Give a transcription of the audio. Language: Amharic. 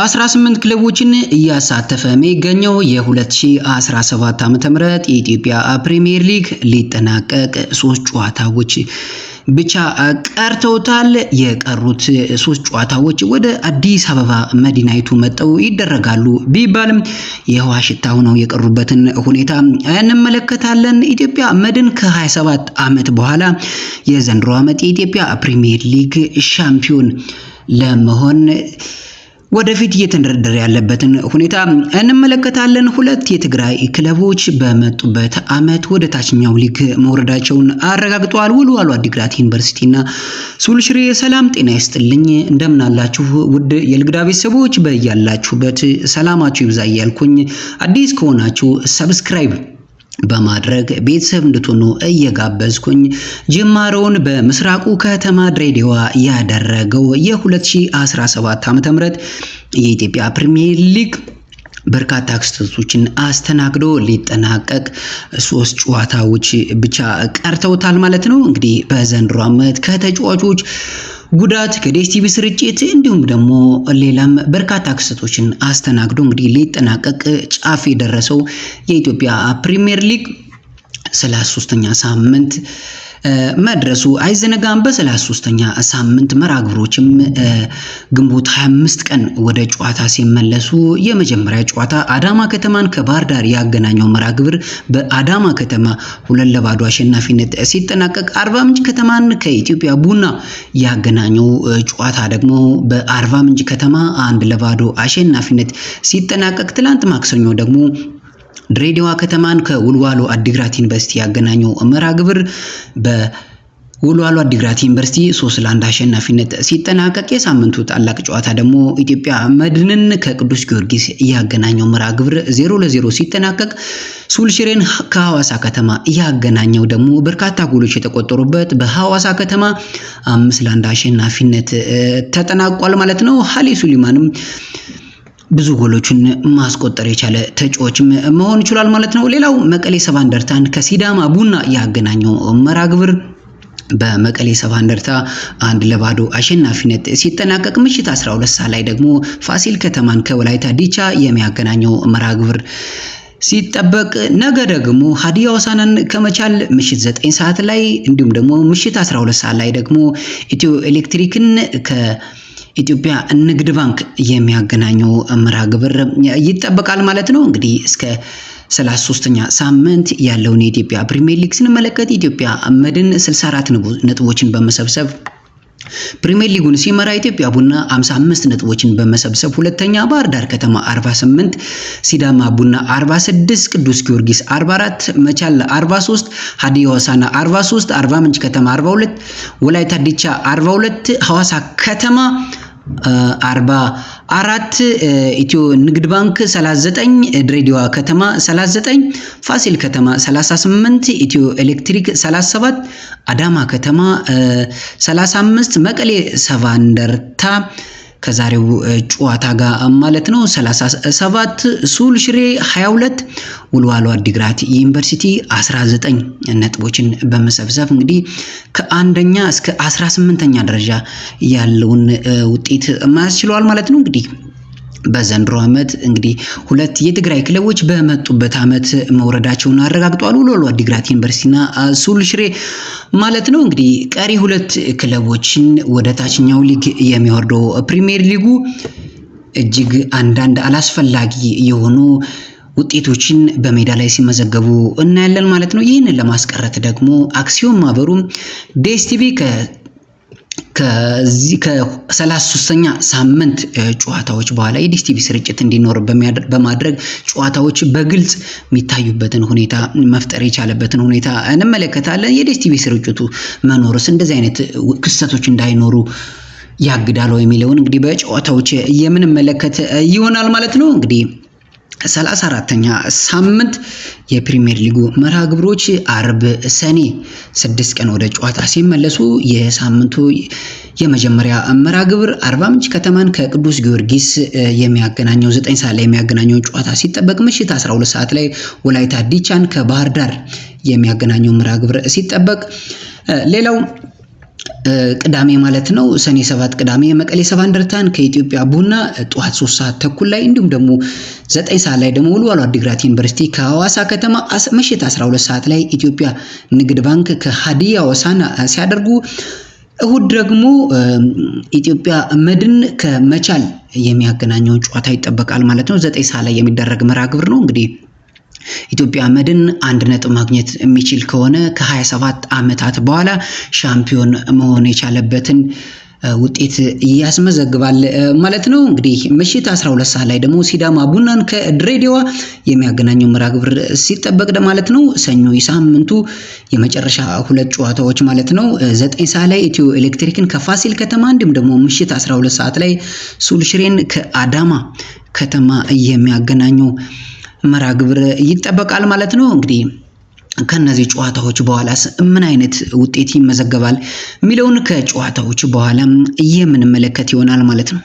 18 ክለቦችን እያሳተፈ የሚገኘው የ2017 ዓ.ም የኢትዮጵያ ፕሪሚየር ሊግ ሊጠናቀቅ ሶስት ጨዋታዎች ብቻ ቀርተውታል። የቀሩት ሶስት ጨዋታዎች ወደ አዲስ አበባ መዲናይቱ መጠው ይደረጋሉ ቢባልም የውሃ ሽታ ሆነው የቀሩበትን ሁኔታ እንመለከታለን። ኢትዮጵያ መድን ከ27 ዓመት በኋላ የዘንድሮ ዓመት የኢትዮጵያ ፕሪሚየር ሊግ ሻምፒዮን ለመሆን ወደፊት እየተንደረደረ ያለበትን ሁኔታ እንመለከታለን። ሁለት የትግራይ ክለቦች በመጡበት ዓመት ወደ ታችኛው ሊግ መውረዳቸውን አረጋግጠዋል። ወልዋሎ አዲግራት ዩኒቨርሲቲና ሱል ሱልሽሬ። ሰላም ጤና ይስጥልኝ፣ እንደምናላችሁ ውድ የልግዳ ቤተሰቦች፣ በያላችሁበት ሰላማችሁ ይብዛ እያልኩኝ አዲስ ከሆናችሁ ሰብስክራይብ በማድረግ ቤተሰብ እንድትሆኑ እየጋበዝኩኝ ጅማሮውን በምስራቁ ከተማ ድሬዳዋ ያደረገው የ2017 ዓ.ም የኢትዮጵያ ፕሪሚየር ሊግ በርካታ ክስተቶችን አስተናግዶ ሊጠናቀቅ ሶስት ጨዋታዎች ብቻ ቀርተውታል ማለት ነው። እንግዲህ በዘንድሮ ዓመት ከተጫዋቾች ጉዳት ከዲስቲቪ ስርጭት እንዲሁም ደግሞ ሌላም በርካታ ክስተቶችን አስተናግዶ እንግዲህ ሊጠናቀቅ ጫፍ የደረሰው የኢትዮጵያ ፕሪሚየር ሊግ ሰላሳ ሶስተኛ ሳምንት መድረሱ አይዘነጋም። በሰላሳ ሶስተኛ ሳምንት መራግብሮችም ግንቦት 25 ቀን ወደ ጨዋታ ሲመለሱ የመጀመሪያ ጨዋታ አዳማ ከተማን ከባህር ዳር ያገናኘው መራግብር ግብር በአዳማ ከተማ ሁለት ለባዶ አሸናፊነት ሲጠናቀቅ አርባ ምንጭ ከተማን ከኢትዮጵያ ቡና ያገናኘው ጨዋታ ደግሞ በአርባ ምንጭ ከተማ አንድ ለባዶ አሸናፊነት ሲጠናቀቅ ትላንት ማክሰኞ ደግሞ ድሬዳዋ ከተማን ከውልዋሎ አዲግራት ዩኒቨርሲቲ ያገናኘው መርሃ ግብር በ በውልዋሎ አዲግራት ዩኒቨርሲቲ ሶስት ለአንድ አሸናፊነት ሲጠናቀቅ የሳምንቱ ታላቅ ጨዋታ ደግሞ ኢትዮጵያ መድንን ከቅዱስ ጊዮርጊስ እያገናኘው መርሃ ግብር ዜሮ ለዜሮ ሲጠናቀቅ ሱልሽሬን ከሐዋሳ ከተማ እያገናኘው ደግሞ በርካታ ጎሎች የተቆጠሩበት በሐዋሳ ከተማ አምስት ለአንድ አሸናፊነት ተጠናቋል ማለት ነው። ሀሊ ሱሊማንም ብዙ ጎሎችን ማስቆጠር የቻለ ተጫዋችም መሆን ይችላል ማለት ነው። ሌላው መቀሌ ሰባ እንደርታን ከሲዳማ ቡና ያገናኘው መርሃ ግብር በመቀሌ ሰባ እንደርታ አንድ ለባዶ አሸናፊነት ሲጠናቀቅ ምሽት 12 ሰዓት ላይ ደግሞ ፋሲል ከተማን ከወላይታ ዲቻ የሚያገናኘው መርሃ ግብር ሲጠበቅ ነገ ደግሞ ሀዲያ ሆሳዕናን ከመቻል ምሽት 9 ሰዓት ላይ እንዲሁም ደግሞ ምሽት 12 ሰዓት ላይ ደግሞ ኢትዮ ኤሌክትሪክን ከ ኢትዮጵያ ንግድ ባንክ የሚያገናኘው መርሃ ግብር ይጠበቃል ማለት ነው። እንግዲህ እስከ 33ኛ ሳምንት ያለውን የኢትዮጵያ ፕሪሚየር ሊግ ስንመለከት ኢትዮጵያ መድን 64 ነጥቦችን በመሰብሰብ ፕሪሚየር ሊጉን ሲመራ ኢትዮጵያ ቡና 55 ነጥቦችን በመሰብሰብ ሁለተኛ፣ ባህር ዳር ከተማ 48፣ ሲዳማ ቡና 46፣ ቅዱስ ጊዮርጊስ 44፣ መቻል 43፣ ሀዲያ ሆሳዕና 43፣ አርባ ምንጭ ከተማ 42፣ ወላይታ ዲቻ 42፣ ሐዋሳ ከተማ አርባ አራት ኢትዮ ንግድ ባንክ 39 ድሬዳዋ ከተማ 39 ፋሲል ከተማ 38 ኢትዮ ኤሌክትሪክ 37 አዳማ ከተማ 35 መቀሌ ሰባ እንደርታ ከዛሬው ጨዋታ ጋር ማለት ነው። 37 ሱል ሽሬ 22 ውልዋሎ አዲግራት ዩኒቨርሲቲ 19 ነጥቦችን በመሰብሰብ እንግዲህ ከአንደኛ እስከ 18ኛ ደረጃ ያለውን ውጤት ማያስችለዋል ማለት ነው እንግዲህ በዘንድሮ ዓመት እንግዲህ ሁለት የትግራይ ክለቦች በመጡበት ዓመት መውረዳቸውን አረጋግጠዋል። ወልዋሎ አዲግራት ዩኒቨርሲቲና ሱል ሽሬ ማለት ነው። እንግዲህ ቀሪ ሁለት ክለቦችን ወደ ታችኛው ሊግ የሚወርደው ፕሪሚየር ሊጉ እጅግ አንዳንድ አላስፈላጊ የሆኑ ውጤቶችን በሜዳ ላይ ሲመዘገቡ እናያለን ማለት ነው። ይህንን ለማስቀረት ደግሞ አክሲዮን ማህበሩ ዴስቲቪ ከዚህ ከሰላሳ ሶስተኛ ሳምንት ጨዋታዎች በኋላ የዲሽ ቲቪ ስርጭት እንዲኖር በማድረግ ጨዋታዎች በግልጽ የሚታዩበትን ሁኔታ መፍጠር የቻለበትን ሁኔታ እንመለከታለን። የዲሽ ቲቪ ስርጭቱ መኖርስ እንደዚህ አይነት ክስተቶች እንዳይኖሩ ያግዳል የሚለውን እንግዲህ በጨዋታዎች የምንመለከት ይሆናል ማለት ነው እንግዲህ ሰላሳ ተኛ ሳምንት የፕሪሚየር ሊጉ መርሃ ግብሮች አርብ ሰኔ ስድስት ቀን ወደ ጨዋታ ሲመለሱ የሳምንቱ የመጀመሪያ መርሃ ግብር አርባ ምንጭ ከተማን ከቅዱስ ጊዮርጊስ የሚያገናኘው ዘጠኝ ሰዓት ላይ የሚያገናኘው ጨዋታ ሲጠበቅ ምሽት 12 ሰዓት ላይ ወላይታ ዲቻን ከባህር ዳር የሚያገናኘው መርሃ ግብር ሲጠበቅ ሌላው ቅዳሜ ማለት ነው ሰኔ ሰባት ቅዳሜ መቀሌ ሰባ እንደርታን ከኢትዮጵያ ቡና ጠዋት ሶስት ሰዓት ተኩል ላይ እንዲሁም ደግሞ ዘጠኝ ሰዓት ላይ ደግሞ ወልዋሎ አዲግራት ዩኒቨርሲቲ ከሐዋሳ ከተማ ምሽት 12 ሰዓት ላይ ኢትዮጵያ ንግድ ባንክ ከሀዲያ ወሳና ሲያደርጉ እሁድ ደግሞ ኢትዮጵያ መድን ከመቻል የሚያገናኘውን ጨዋታ ይጠበቃል ማለት ነው። ዘጠኝ ሰዓት ላይ የሚደረግ መርሃ ግብር ነው እንግዲህ ኢትዮጵያ መድን አንድ ነጥብ ማግኘት የሚችል ከሆነ ከ27 ዓመታት በኋላ ሻምፒዮን መሆን የቻለበትን ውጤት እያስመዘግባል ማለት ነው። እንግዲህ ምሽት 12 ሰዓት ላይ ደግሞ ሲዳማ ቡናን ከድሬዳዋ የሚያገናኘው መርሃ ግብር ሲጠበቅ ማለት ነው። ሰኞ የሳምንቱ የመጨረሻ ሁለት ጨዋታዎች ማለት ነው። 9 ሰዓት ላይ ኢትዮ ኤሌክትሪክን ከፋሲል ከተማ እንዲሁም ደግሞ ምሽት 12 ሰዓት ላይ ሱልሽሬን ከአዳማ ከተማ የሚያገናኘው መርሃ ግብር ይጠበቃል ማለት ነው። እንግዲህ ከነዚህ ጨዋታዎች በኋላስ ምን አይነት ውጤት ይመዘገባል የሚለውን ከጨዋታዎች በኋላ የምንመለከት ይሆናል ማለት ነው።